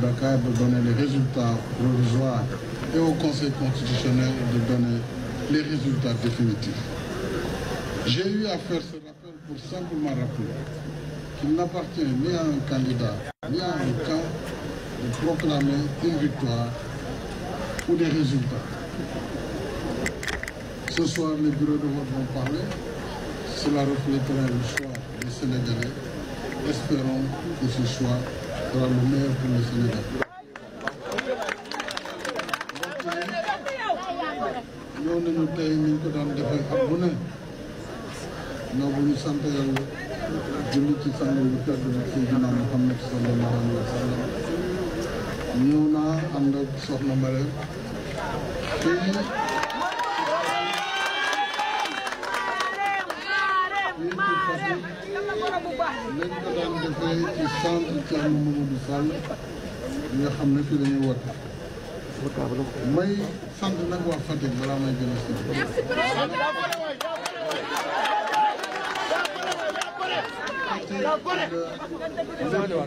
Dakar de donner les résultats provisoires et au Conseil constitutionnel de donner les résultats définitifs. J'ai eu à faire ce rappel pour simplement rappeler qu'il n'appartient ni à un candidat ni à un camp de proclamer une victoire ou des résultats. Ce soir, les bureaux de vote vont parler. Cela reflétera le choix des Sénégalais. Espérons que ce soit dans le meilleur pour le Sénégal. ñëw nañu tey ni ñu ko daan defee at bu ne ñoo bu ñu sant yàlla julli ci sang bu tedd bi Seydina Muhammad sallallahu alayhi wa sallam ñëw naa ànd ak soxna Mbare fii fii ci Fatick nañ ko daan defee ci centre Thierno Mamadou Sall bi nga xam may sant nag waa Fatick balaa may gën a si. lépp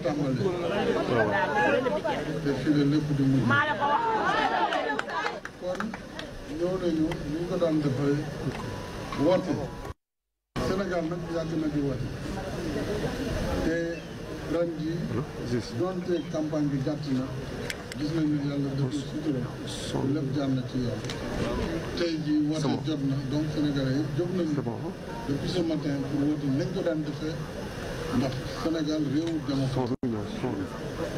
tàmbali. te fii la lépp di mujj. kon ñëw nañu ñu ko daan defee woote. Sénégal nag yàgg na di woote te ren jii. donte campagne bi gàtt na gis nañu yàlla def na sutura lépp jaar don ci yoon. tey jii woote jot na donc sénégalais yëpp jóg nañu depuis ce matin pour woote nañ ko daan defee ndax Sénégal réew démocratie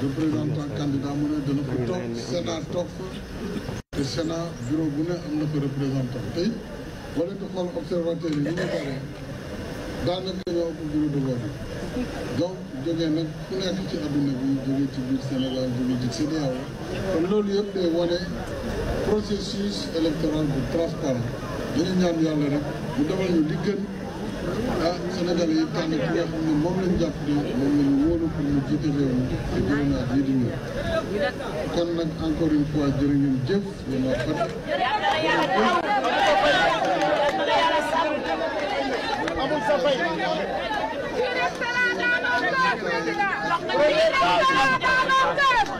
le présentant candidat mu ne dana ko toog Sénat toog te Sénat bureau bu ne am na ko représentant tey wala nga xool observateur yi ni ñu daanaka ñoo ëpp bureau de vote donc jógee nag ku nekk ci adduna bi jógee ci biir Sénégal jógee ci CEDEAO kon loolu yëpp day wane processus électoral bu transparent dañu ñaan yàlla rek mu demal ñu li gën ah, yi tànn ki nga xam ne moom lañ jàpp ne jiite réew mi te gërëmaat yi di ñëw kon nag encore une fois jërë ngeen jëf yéen waa Fatick. amul sa fay.